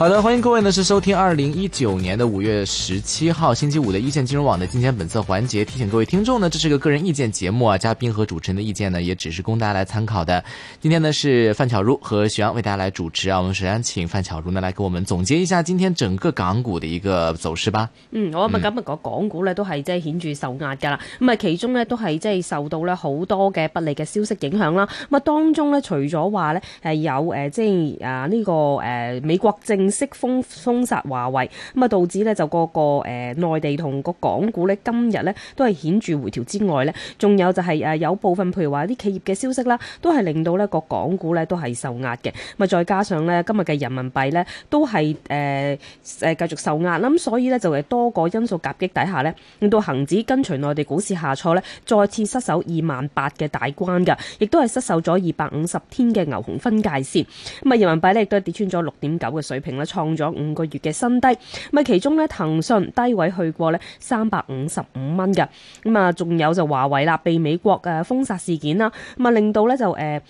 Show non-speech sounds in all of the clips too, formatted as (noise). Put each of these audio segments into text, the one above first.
好的，歡迎各位呢，是收聽二零一九年的五月十七號星期五的一線金融網的金錢本色環節。提醒各位聽眾呢，這是個個人意見節目啊，嘉賓和主持人的意見呢，也只是供大家來參考的。今天呢是範巧如和徐洋為大家來主持啊。我們首先請範巧如呢來給我們總結一下今天整個港股的一個走勢吧。嗯，我今日港港股呢，都係即係顯著受壓噶啦。咁啊，其中呢，都係即係受到咧好多嘅不利嘅消息影響啦。咁啊，當中呢，除咗話呢，誒有誒即係啊呢個誒、呃、美國政息封封殺華為，咁啊導致咧就個個誒內地同個港股咧今日咧都係顯著回調之外咧，仲有就係誒有部分譬如話啲企業嘅消息啦，都係令到呢個港股咧都係受壓嘅，咪再加上咧今日嘅人民幣咧都係誒誒繼續受壓啦，咁所以咧就係多個因素夾擊底下咧，令到恆指跟隨內地股市下挫咧，再次失守二萬八嘅大關㗎，亦都係失守咗二百五十天嘅牛熊分界線，咁啊人民幣咧亦都係跌穿咗六點九嘅水平。創咗五個月嘅新低，咁啊其中咧騰訊低位去過咧三百五十五蚊嘅，咁啊仲有就華為啦，被美國封殺事件啦，咁啊令到咧就誒、呃、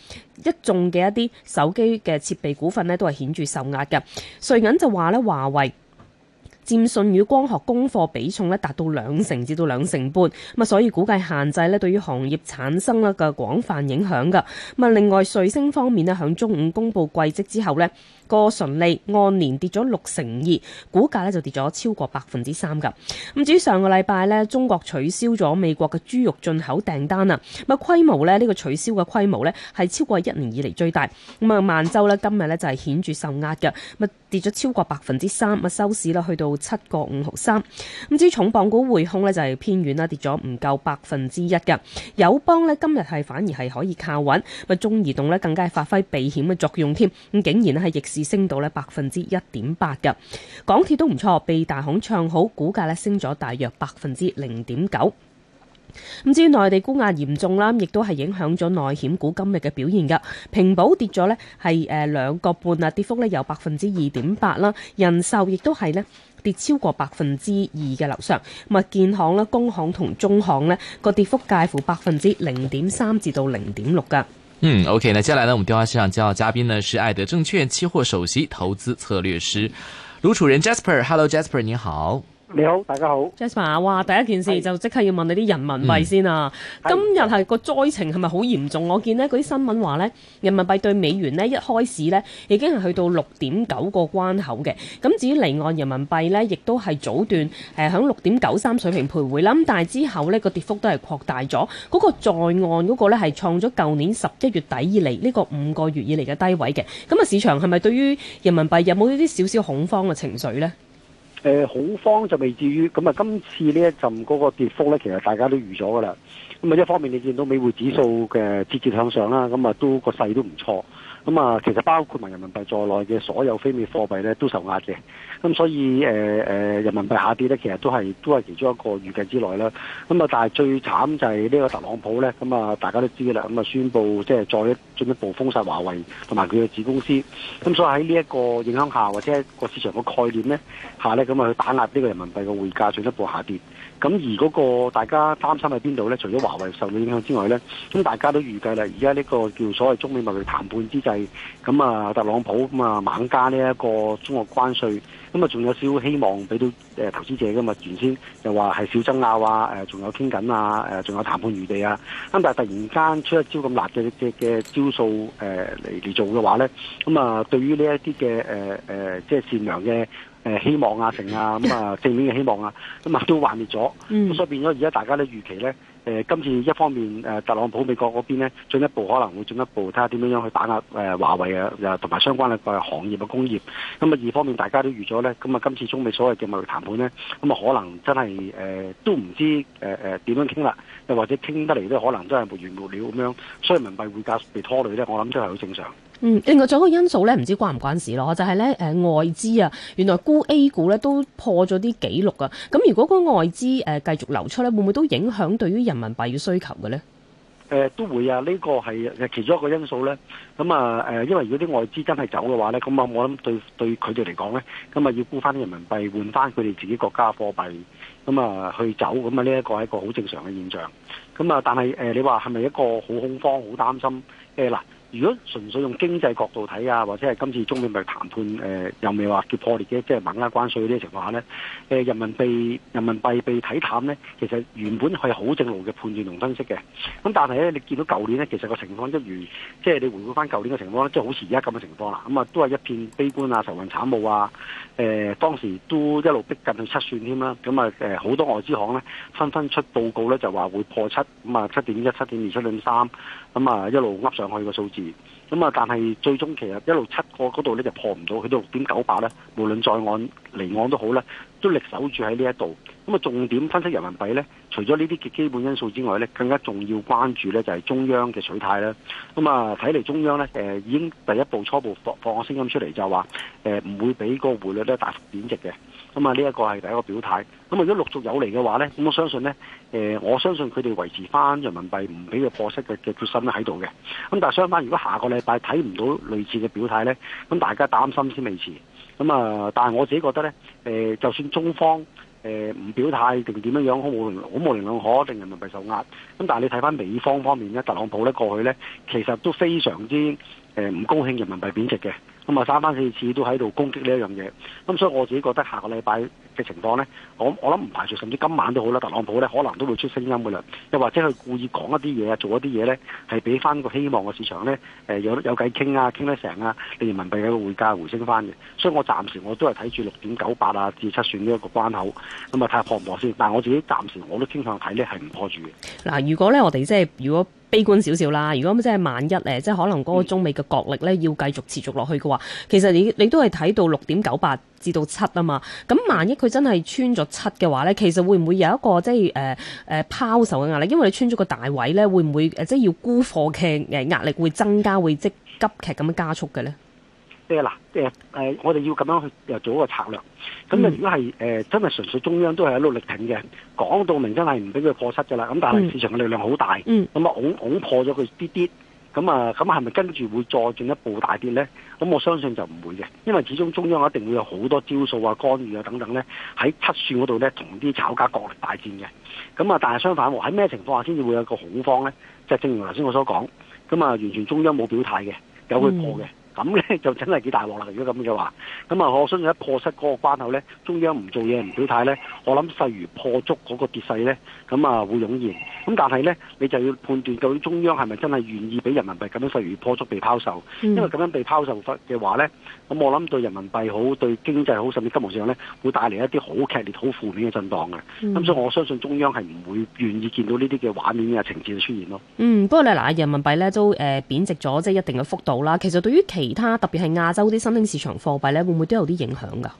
一眾嘅一啲手機嘅設備股份咧都係顯著受壓嘅，瑞銀就話咧華為。佔信與光學供貨比重咧達到兩成至到兩成半，咁啊所以估計限制咧對於行業產生一個廣泛影響噶。咁啊另外瑞聲方面咧響中午公布季績之後咧個純利按年跌咗六成二，股價咧就跌咗超過百分之三噶。咁至於上個禮拜咧中國取消咗美國嘅豬肉進口訂單啊，咁規模咧呢、這個取消嘅規模咧係超過一年以嚟最大。咁啊萬洲咧今日咧就係顯著受壓嘅。跌咗超過百分之三，收市啦，去到七個五毫三。咁之重磅股匯控呢就係偏遠啦，跌咗唔夠百分之一嘅。友邦呢今日係反而係可以靠穩，咪中移動呢更加係發揮避險嘅作用添，咁竟然係逆市升到呢百分之一點八嘅。港鐵都唔錯，被大行唱好，股價呢升咗大約百分之零點九。咁至於內地估壓嚴重啦，亦都係影響咗內險股今日嘅表現噶。平保跌咗呢係誒兩個半啊，跌幅呢有百分之二點八啦。人壽亦都係呢跌超過百分之二嘅樓上。咁啊，建行啦、工行同中行呢個跌幅介乎百分之零點三至到零點六噶。嗯，OK，那接下來呢，我們電話線上接到嘉賓呢，是愛德證券期貨首席投資策略師盧楚仁 Jasper。Hello，Jasper，你好。你好，大家好。Jasper，哇，第一件事就即刻要問你啲人民幣先啊。嗯、今日係個災情係咪好嚴重？我見呢嗰啲新聞話呢，人民幣對美元呢一開始呢已經係去到六點九個關口嘅。咁至於離岸人民幣呢，亦都係早段誒響六點九三水平徘徊啦。咁但係之後呢個跌幅都係擴大咗。嗰、嗰個在岸嗰個呢，係創咗舊年十一月底以嚟呢、呢個五個月以嚟嘅低位嘅。咁啊，市場係咪對於人民幣有冇一啲少少恐慌嘅情緒呢？誒好慌就未至於，咁啊今次呢一陣嗰個跌幅咧，其實大家都預咗噶啦。咁啊一方面你見到美匯指數嘅節節向上啦，咁啊都個勢都唔錯。咁啊，其實包括埋人民幣在內嘅所有非美貨幣咧，都受壓嘅。咁所以誒誒，人民幣下跌咧，其實都係都係其中一個預計之內啦。咁啊，但係最慘就係呢個特朗普咧，咁啊大家都知啦。咁啊，宣布即係再進一步封殺華為同埋佢嘅子公司。咁所以喺呢一個影響下，或者個市場個概念咧下咧，咁啊去打壓呢個人民幣嘅匯價進一步下跌。咁而嗰個大家擔心喺邊度咧？除咗華為受到影響之外咧，咁大家都預計啦。而家呢個叫所謂中美貿易談判之際，咁啊特朗普咁啊猛加呢一個中國關稅，咁啊仲有少少希望俾到投資者噶嘛？原先又話係小爭拗啊，仲、呃、有傾緊啊，仲、呃、有談判餘地啊。咁但係突然間出一招咁辣嘅嘅嘅招數嚟嚟、呃、做嘅話咧，咁啊對於呢一啲嘅即係善良嘅。誒希望啊，成啊，咁啊正面嘅希望啊，咁啊都幻滅咗，咁、嗯、所以變咗而家大家都預期咧，誒今次一方面誒特朗普美國嗰邊咧，進一步可能會進一步睇下點樣樣去打壓誒華為啊，同埋相關嘅行業嘅工業，咁啊二方面大家都預咗咧，咁啊今次中美所謂嘅貿易談判咧，咁啊可能真係誒、呃、都唔知點、呃、樣傾啦，又或者傾得嚟都可能真係無完無了咁樣，所以人民幣匯價被拖累咧，我諗都係好正常。嗯，另外仲有一個因素咧，唔知關唔關事咯？就係、是、咧，誒、呃、外資啊，原來沽 A 股咧都破咗啲紀錄啊。咁如果嗰外資誒繼續流出咧，會唔會都影響對於人民幣嘅需求嘅咧？誒、呃，都會啊！呢、這個係誒其中一個因素咧。咁、嗯、啊，誒、呃，因為如果啲外資真係走嘅話咧，咁啊，我諗對對佢哋嚟講咧，咁啊要沽翻啲人民幣換翻佢哋自己國家貨幣，咁、嗯、啊、呃、去走，咁啊呢一個係一個好正常嘅現象。咁、嗯、啊，但係誒、呃，你話係咪一個好恐慌、好擔心？誒、呃、嗱。如果純粹用經濟角度睇啊，或者係今次中美咪談判，誒、呃、又未話叫破裂嘅，即係猛加關稅嗰啲情況下咧、呃，人民幣人民幣被睇淡咧，其實原本係好正路嘅判斷同分析嘅。咁但係咧，你見到舊年咧，其實個情況一如即係你回顧翻舊年嘅情況，即係好似而家咁嘅情況啦。咁、嗯、啊，都係一片悲觀啊，愁雲慘霧啊。誒、呃、當時都一路逼近去七算添啦。咁啊，好、嗯嗯、多外資行咧，紛紛出報告咧，就話會破七。咁、嗯、啊，七點一、七點二、七點三。咁啊、嗯，一路噏上去個數字，咁、嗯、啊，但係最終其實一路七個嗰度咧就破唔到，去到六點九八咧，無論在岸離岸都好啦。都力守住喺呢一度，咁啊重點分析人民幣咧，除咗呢啲嘅基本因素之外咧，更加重要關注咧就係、是、中央嘅取態啦。咁啊睇嚟中央咧、呃，已經第一步初步放放個聲音出嚟，就話唔會俾個匯率咧大幅貶值嘅。咁啊呢一個係第一個表態。咁啊如果陸續有嚟嘅話咧，咁我相信咧、呃、我相信佢哋維持翻人民幣唔俾佢破七嘅嘅決心喺度嘅。咁但係相反，如果下個禮拜睇唔到類似嘅表態咧，咁大家擔心先未遲。咁啊，但係我自己覺得呢，誒，就算中方誒唔表態定點樣樣好冇能，好冇能量可令人民幣受壓。咁但係你睇翻美方方面呢，特朗普呢過去呢，其實都非常之誒唔高興人民幣貶值嘅。咁啊，三番四次都喺度攻擊呢一樣嘢，咁所以我自己覺得下個禮拜嘅情況咧，我我諗唔排除甚至今晚都好啦，特朗普咧可能都會出聲音嘅啦，又或者佢故意講一啲嘢啊，做一啲嘢咧，係俾翻個希望個市場咧，誒有有計傾啊，傾得成啊，令人民幣嘅匯價回升翻嘅。所以我暫時我都係睇住六點九八啊至七算呢一個關口，咁啊睇下破唔破先。但係我自己暫時我都傾向睇咧係唔破住嘅。嗱，如果咧我哋即係如果悲觀少少啦，如果即係萬一誒，即係可能嗰個中美嘅角力咧要繼續持續落去其實你你都係睇到六點九八至到七啊嘛，咁萬一佢真係穿咗七嘅話咧，其實會唔會有一個即係誒誒拋售嘅壓力？因為你穿咗個大位咧，會唔會即係要沽貨嘅誒壓力會增加，會即係急劇咁樣加速嘅咧？即係嗱，即係、呃、我哋要咁樣去做一個策略。咁啊，如果係誒、嗯呃、真係純粹中央都係喺度力挺嘅，講到明真係唔俾佢破七噶啦。咁但係市場嘅力量好大，咁、嗯、啊拱拱破咗佢啲啲，咁啊咁係咪跟住會再進一步大跌咧？咁我相信就唔會嘅，因為始終中央一定會有好多招數啊、干預啊等等咧，喺七算嗰度咧同啲炒家角力大戰嘅。咁啊，但係相反喎，喺咩情況下先至會有個恐慌咧？即係正如頭先我所講，咁啊，完全中央冇表態嘅，有佢破嘅。嗯咁咧就真係幾大鑊啦！如果咁嘅話，咁啊我相信一破失嗰個關口咧，中央唔做嘢唔表態咧，我諗勢如破竹嗰個跌勢咧，咁啊會湧現。咁但係咧，你就要判斷究竟中央係咪真係願意俾人民幣咁樣勢如破竹被拋售？嗯、因為咁樣被拋售嘅話咧，咁我諗對人民幣好、對經濟好，甚至金融市場咧，會帶嚟一啲好劇烈、好負面嘅震盪嘅。咁、嗯、所以我相信中央係唔會願意見到呢啲嘅畫面嘅情節出現咯。嗯，不過你嗱，人民幣咧都誒、呃、貶值咗即係一定嘅幅度啦。其實對於期其他特別係亞洲啲新興市場貨幣咧，會唔會都有啲影響㗎？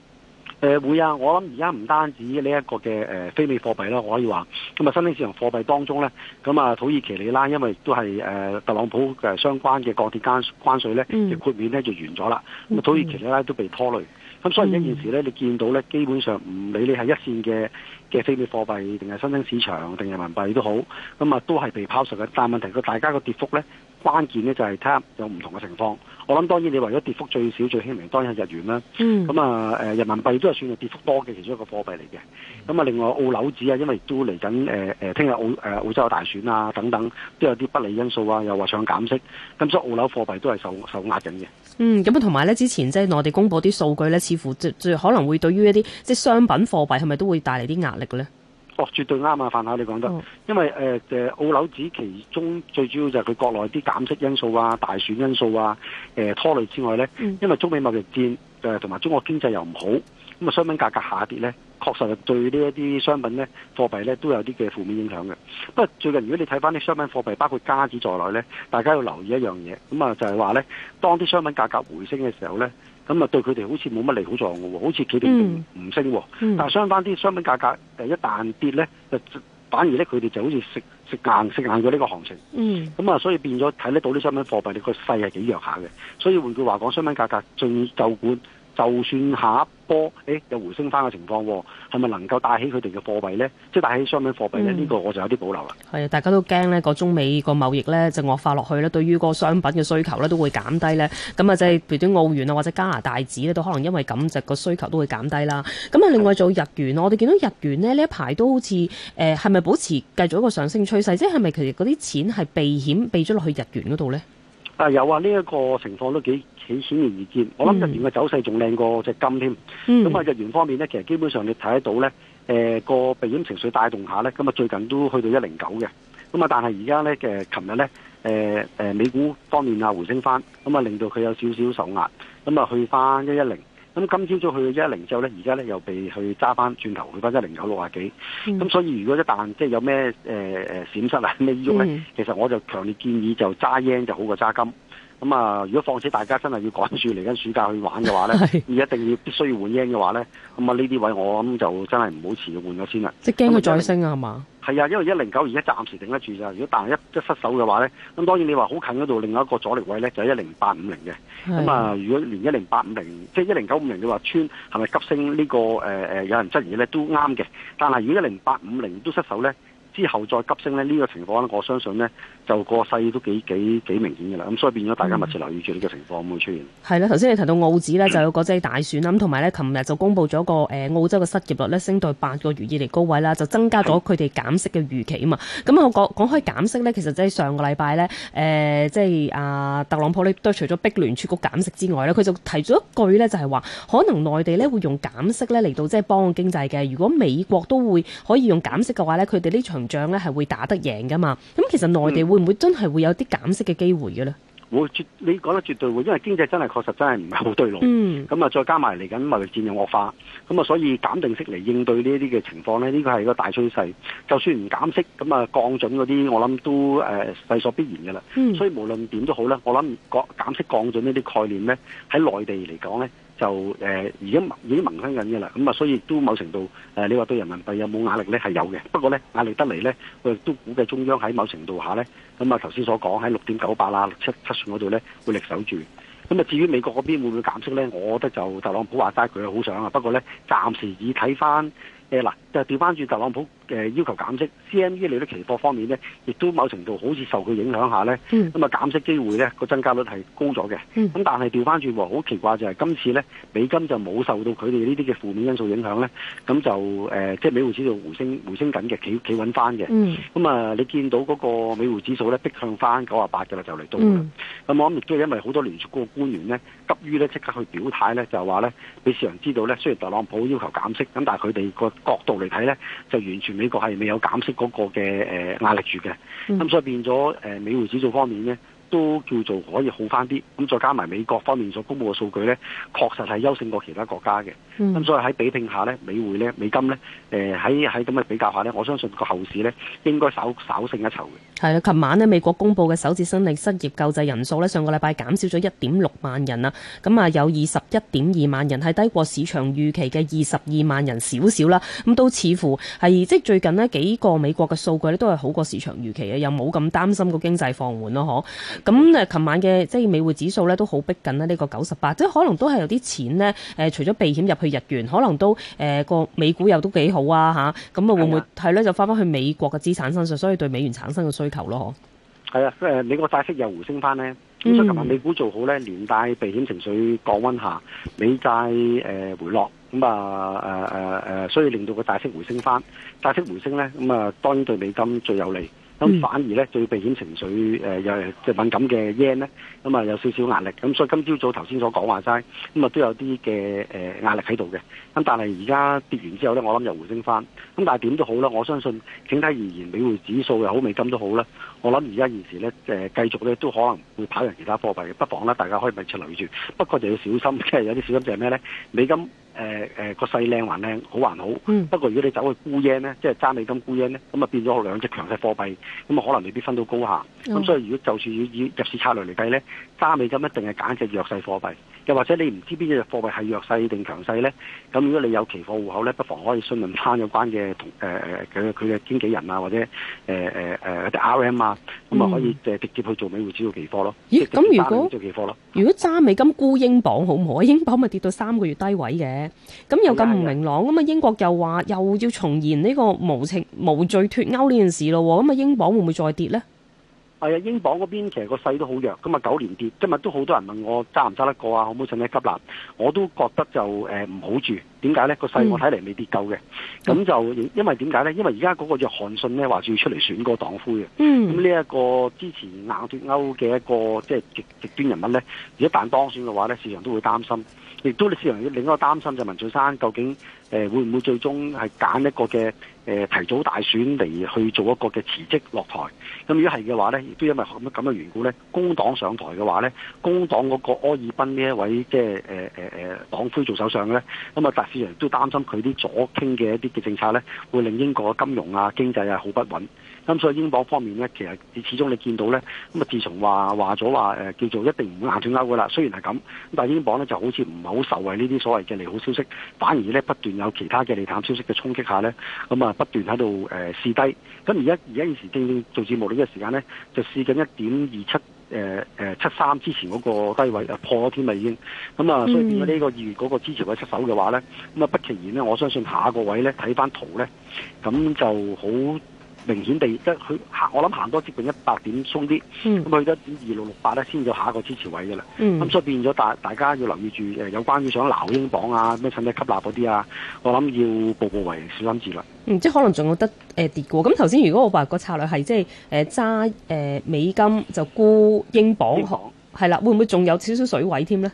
誒會啊！我諗而家唔單止呢一個嘅誒非美貨幣啦，我可以話咁啊新興市場貨幣當中咧，咁啊土耳其里拉，因為都係誒特朗普嘅相關嘅鋼鐵關關稅咧，嘅豁免咧就完咗啦，咁、嗯、土耳其里拉都被拖累。咁、嗯、所以一件事咧，你見到咧，基本上唔理你係一線嘅嘅非美貨幣，定係新興市場，定係人民幣都好，咁啊都係被拋售嘅。但問題佢大家個跌幅咧？關鍵咧就係睇下有唔同嘅情況。我諗當然你為咗跌幅最少最輕微，當然係日元啦。咁啊、嗯、人民幣都係算係跌幅多嘅其中一個貨幣嚟嘅。咁啊另外澳紐紙啊，因為都嚟緊聽日澳誒澳洲大選啊等等，都有啲不利因素啊，又話想減息。咁所以澳紐貨幣都係受受壓緊嘅。嗯，咁啊同埋咧之前即係內地公布啲數據咧，似乎最最可能會對於一啲即係商品貨幣係咪都會帶嚟啲壓力咧？哦、絕對啱啊！泛下你講得，嗯、因為、呃、澳紐紙其中最主要就係佢國內啲減息因素啊、大選因素啊、呃、拖累之外呢，嗯、因為中美貿易戰同埋、呃、中國經濟又唔好，咁啊商品價格下跌呢，確實對呢一啲商品呢貨幣呢都有啲嘅負面影響嘅。不過最近如果你睇翻啲商品貨幣，包括加紙在內呢，大家要留意一樣嘢，咁啊就係話呢，當啲商品價格回升嘅時候呢。咁啊，對佢哋好似冇乜利好作用嘅喎，好似佢哋唔升喎，但係相反啲商品價格，誒一旦跌咧，就反而咧佢哋就好似食食硬食硬咗呢個行情。咁啊、嗯，所以變咗睇得到啲商品貨幣，你個勢係幾弱下嘅。所以換句話講，商品價格仲夠管。就算下一波，誒又有回升翻嘅情況，係咪能夠帶起佢哋嘅貨幣呢？即係帶起商品貨幣呢？呢、嗯、個我就有啲保留啦。係啊，大家都驚呢個中美個貿易呢，就惡化落去呢，對於個商品嘅需求呢，都會減低呢。咁啊，即係譬如啲澳元啊，或者加拿大紙呢，都可能因為咁就個需求都會減低啦。咁啊，另外做日元囉，我哋見到日元呢，呢一排都好似誒係咪保持繼續一個上升趨勢？即係係咪其實嗰啲錢係避險避咗落去日元嗰度呢？啊有啊，呢、這、一個情況都幾幾顯而易見。我諗日元嘅走勢仲靚過隻金添。咁啊、嗯，那日元方面咧，其實基本上你睇得到咧，誒、呃、個避險情緒帶動下咧，咁啊，最近都去到一零九嘅。咁啊，但係而家咧，嘅琴日咧，誒、呃、誒美股方面啊回升翻，咁啊令到佢有少少受壓，咁啊去翻一一零。咁今朝早去到一一零之後咧，而家咧又被去揸翻轉頭去翻一零九六啊幾，咁、嗯、所以如果一旦即係有咩誒誒閃失啊咩依足咧，嗯、其實我就強烈建議就揸 yen 就好過揸金。咁啊，如果況且大家真係要趕住嚟緊暑假去玩嘅話咧， (laughs) 而一定要必須要換 yen 嘅話咧，咁啊呢啲位我諗就真係唔好遲換咗先啦。即係驚佢再升啊嘛？係啊，因為一零九二一暫時頂得住咋。如果但係一一失手嘅話咧，咁當然你話好近嗰度，另外一個阻力位咧就係一零八五零嘅。咁啊的，如果連一零八五零，即係一零九五零，你話穿係咪急升呢、這個？誒、呃、誒，有人質疑咧，都啱嘅。但係如果一零八五零都失手咧。之後再急升呢，呢、呢個情況我相信呢，就個勢都幾幾幾明顯嘅啦。咁所以變咗大家密切留意住呢個情況會出現？係啦、嗯，頭先你提到澳紙呢，嗯、就有國際大選啦，同埋呢，琴日就公布咗個誒澳洲嘅失業率呢，升到八個月以嚟高位啦，就增加咗佢哋減息嘅預期啊嘛。咁的我講講開減息呢，其實即係上個禮拜呢，誒、呃，即、就、係、是、啊特朗普呢，都除咗逼聯儲局減息之外呢，佢就提咗一句呢，就係、是、話可能內地呢會用減息呢嚟到即係幫經濟嘅。如果美國都會可以用減息嘅話呢，佢哋呢場。漲咧係會打得贏噶嘛？咁其實內地會唔會真係會有啲減息嘅機會嘅咧、嗯？會絕你講得絕對會，因為經濟真係確實真係唔係好對路。咁啊、嗯，再加埋嚟緊貿易戰又惡化，咁啊，所以減定息嚟應對呢一啲嘅情況咧，呢個係一個大趨勢。就算唔減息，咁啊降準嗰啲，我諗都誒勢所必然噶啦。嗯、所以無論點都好咧，我諗降減息降準呢啲概念咧，喺內地嚟講咧。就誒，而、呃、家已，已經萌生緊嘅啦，咁、嗯、啊，所以都某程度誒、呃，你話對人民幣有冇壓力咧？係有嘅。不過咧，壓力得嚟咧，我哋都估計中央喺某程度下咧，咁啊頭先所講喺六點九八啦、六七七選嗰度咧會力守住。咁、嗯、啊，至於美國嗰邊會唔會減息咧？我覺得就特朗普話齋佢好想啊，不過咧暫時已睇翻。誒嗱，就調翻轉特朗普誒要求減息，CME 嚟啲期貨方面咧，亦都某程度好似受佢影響下咧，咁啊、嗯、減息機會咧個增加率係高咗嘅。咁、嗯、但係調翻轉喎，好奇怪就係今次咧美金就冇受到佢哋呢啲嘅負面因素影響咧，咁就誒、呃、即係美匯指數回升回升緊嘅，企企穩翻嘅。咁啊、嗯、你見到嗰個美匯指數咧逼向翻九啊八嘅啦，就嚟到咁、嗯、我諗亦都係因為好多聯儲局官員咧。急於咧即刻去表態咧，就係話咧，俾市場知道咧，雖然特朗普要求減息，咁但係佢哋個角度嚟睇咧，就完全美國係未有減息嗰個嘅誒壓力住嘅，咁所以變咗誒，美匯指數方面咧。都叫做可以好翻啲，咁再加埋美國方面所公佈嘅數據呢，確實係優勝過其他國家嘅。咁、嗯、所以喺比拼下呢，美匯咧、美金呢，誒喺喺咁嘅比較下呢，我相信個後市呢應該稍稍勝一籌嘅。係啊，琴晚呢，美國公佈嘅首次申領失業救濟人數呢，上個禮拜減少咗一點六萬人啊，咁啊有二十一點二萬人，係低過市場預期嘅二十二萬人少少啦，咁都似乎係即係最近呢幾個美國嘅數據呢都係好過市場預期啊，又冇咁擔心個經濟放緩咯，嗬。咁誒，琴、嗯、晚嘅即係美匯指數咧，都好逼緊呢呢個九十八，即係可能都係有啲錢咧、呃，除咗避險去入去日元，可能都個、呃、美股又都幾好啊嚇，咁啊會唔會係咧的就翻翻去美國嘅資產身上，所以對美元產生嘅需求咯，嗬？係、呃、啊，即係美國債息又回升翻咧，咁所以琴日美股做好咧，連帶避險情緒降溫下，美債回落，咁、呃、啊、呃呃呃、所以令到個債息回升翻，債息回升咧，咁、呃、啊，當然對美金最有利。咁、嗯、反而咧，最避險情緒誒又即係敏感嘅 yen 呢，咧、嗯，咁啊有少少壓力。咁、嗯、所以今朝早頭先所講話曬，咁、嗯、啊都有啲嘅、呃、壓力喺度嘅。咁但係而家跌完之後咧，我諗又回升翻。咁但係點都好啦，我相信整體而言，美匯指數又好，美金都好啦。我諗而家現時咧、呃，繼續咧都可能會跑贏其他貨幣，不妨咧大家可以密切留意住。不過就要小心，即係有啲小心，就係咩咧？美金。誒誒個勢靚還靚，好還好。不過如果你走去沽 yen 咧，即係揸美金沽 yen 咧，咁啊變咗兩隻強勢貨幣，咁啊可能未必分到高下。咁所以如果就算要以入市策略嚟計咧，揸美金一定係揀隻弱勢貨幣。又或者你唔知邊隻貨幣係弱勢定強勢咧？咁如果你有期貨戶口咧，不妨可以詢問返有關嘅同誒誒佢佢嘅經紀人啊，或者誒誒誒啲 RM 啊，咁啊、嗯、可以直接去做美匯指數期貨咯。咦誒？咁如果如果揸美金沽英鎊好唔好？英鎊咪跌到三個月低位嘅？咁又咁唔明朗咁啊？的英國又話又要重現呢個無情無罪脫歐呢件事咯？咁啊？英鎊會唔會再跌咧？係啊、哎，英鎊嗰邊其實個勢都好弱，今日九連跌，今日都好多人問我揸唔揸得過啊，可唔可以趁機執啦，我都覺得就誒、呃、唔好住。點解咧？個勢我睇嚟未跌夠嘅，咁、嗯、就因為點解咧？因為而家嗰個叫約翰遜咧，話住要出嚟選個黨魁嘅。咁呢一個之前硬脱歐嘅一個即係極極端人物咧，如果但當選嘅話咧，市場都會擔心。亦都你市場另一個擔心就係文翠珊究竟誒、呃、會唔會最終係揀一個嘅誒、呃、提早大選嚟去做一個嘅辭職落台。咁如果係嘅話咧，亦都因為咁嘅緣故咧，工黨上台嘅話咧，工黨嗰個柯爾賓呢一位即係誒誒誒黨魁做首相咧，咁啊市場都擔心佢啲左傾嘅一啲嘅政策咧，會令英國嘅金融啊經濟啊好不穩。咁、嗯、所以英鎊方面咧，其實你始終你見到咧，咁、嗯、啊自從話話咗話誒叫做一定唔會硬斷鈎嘅啦。雖然係咁，但係英鎊咧就好似唔係好受惠呢啲所謂嘅利好消息，反而咧不斷有其他嘅利淡消息嘅衝擊下咧，咁、嗯、啊不斷喺度誒試低。咁而家而家現時正正做節目呢個時間咧，就試緊一點二七。誒誒、呃呃、七三之前嗰個低位啊破咗添啊已經。咁啊、嗯、所以變咗呢個二月嗰個支持位出手嘅話咧，咁啊不其然咧，我相信下一個位咧睇翻圖咧，咁就好。明顯地，即佢行，我諗行多接近一百點鬆啲，咁佢、嗯、去到一點二六六八咧，先到 2, 6, 6, 有下一個支持位嘅啦。咁、嗯、所以變咗大，大家要留意住誒，有關於想撈英鎊啊，咩趁低吸納嗰啲啊，我諗要步步為小心字啦，嗯，即可能仲有得、呃、跌過。咁頭先如果我話個策略係即誒、呃、揸誒、呃、美金就沽英鎊，行鎊，係啦，會唔會仲有少少水位添咧？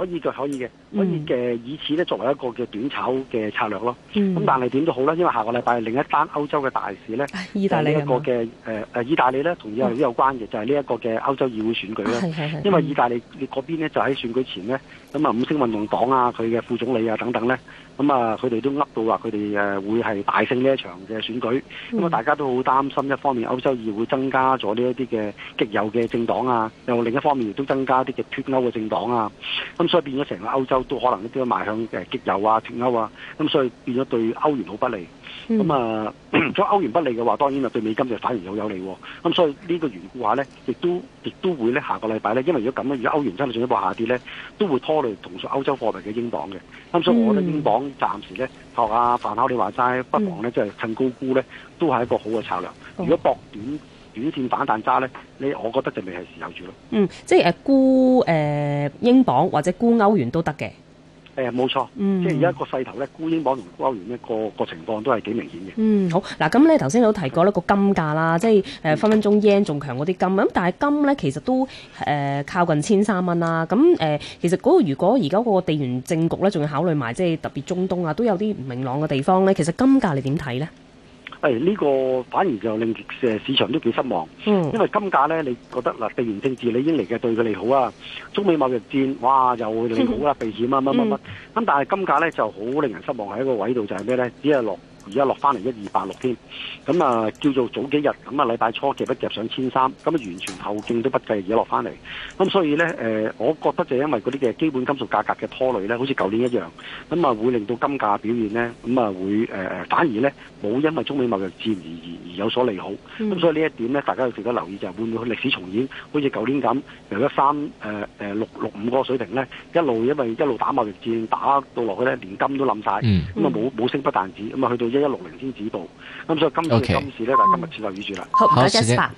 可以嘅，可以嘅，可以嘅，以此咧作為一個嘅短炒嘅策略咯。咁、嗯、但係點都好啦，因為下個禮拜另一單歐洲嘅大事咧、啊呃，意大利嘅一個嘅誒誒，意大利咧同意大利有關嘅就係呢一個嘅歐洲議會選舉啦。嗯、因為意大利你嗰邊咧就喺選舉前咧，咁啊五星運動黨啊佢嘅副總理啊等等咧。咁啊，佢哋都呃到話，佢哋誒會係大勝呢一場嘅選舉。咁啊，大家都好擔心，一方面歐洲議會增加咗呢一啲嘅極右嘅政黨啊，又另一方面亦都增加啲嘅脫歐嘅政黨啊。咁所以變咗成個歐洲都可能一啲都邁向誒極右啊、脫歐啊。咁所以變咗對歐元好不利。咁啊、嗯、～咁、嗯、歐元不利嘅話，當然啊對美金就反而有有利喎、哦。咁所以呢個緣故下咧，亦都亦都會咧下個禮拜咧，因為如果咁樣，如果歐元真係進一步下跌咧，都會拖累同屬歐洲貨幣嘅英鎊嘅。咁所以，我覺得英鎊暫時咧，學下范口，你話齋，不妨咧即係趁高沽咧，都係一個好嘅策略。哦、如果搏短短線反彈渣咧，你我覺得就未係時候住咯。嗯，即係誒沽誒英鎊，呃、英鎊或者沽歐元都得嘅。誒冇錯，嗯，即係而家個勢頭咧，沽英鎊同沽歐元呢個個情況都係幾明顯嘅。嗯，好，嗱，咁你頭先有提過呢個金價啦，即係誒分分鐘 yen 仲強過啲金，咁但係金呢，其實都誒靠近千三蚊啦。咁誒其實嗰個如果而家嗰個地緣政局呢，仲要考慮埋即係特別中東啊，都有啲唔明朗嘅地方呢。其實金價你點睇呢？誒呢、哎呢個反而就令誒市場都幾失望，嗯、因為金價咧，你覺得嗱，地緣政治你已經嚟嘅對佢利好啊，中美貿易戰，哇，又利好啦、啊，避險乜乜乜乜，咁、嗯、但係金價咧就好令人失望喺一個位度，就係咩咧，只係落。而家落翻嚟一二八六添，咁啊叫做早幾日咁啊禮拜初期不夾上千三，咁啊完全後勁都不濟，而家落翻嚟，咁所以咧誒，我覺得就係因為嗰啲嘅基本金屬價格嘅拖累咧，好似舊年一樣，咁啊會令到金價表現咧，咁啊會誒反而咧冇因為中美貿易戰而而有所利好，咁所以呢一點咧，大家要值得留意就係會唔會歷史重演，好似舊年咁由一三誒誒六六五個水平咧一路因為一路打貿易戰打到落去咧，連金都冧晒，咁啊冇冇升不但止。咁啊去到一六零先止步，咁所以今日嘅市咧就係今日留意住啦。好，唔該晒。